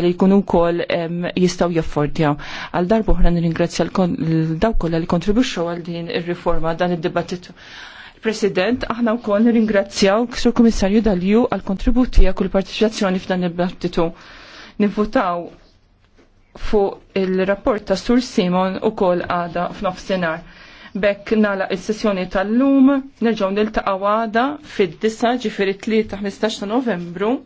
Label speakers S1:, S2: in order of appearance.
S1: li jkunu wkoll jistgħu jaffordjaw. Għal darbu oħra nirringrazzja l-daw kollha li kontribwixxew għal din ir-riforma dan id-dibattitu. President, aħna wkoll nirringrazzjaw Sur Kummissarju Dalju għal kontribut tiegħek u l partiċazzjoni f'dan il dibattitu Nivvutaw fuq il-rapport ta' Sur Simon u kol għada f'nofsinhar. Bekk nala il-sessjoni tal-lum, nerġaw nil-taqawada fid-disa ġifiri 3-15 ta' novembru.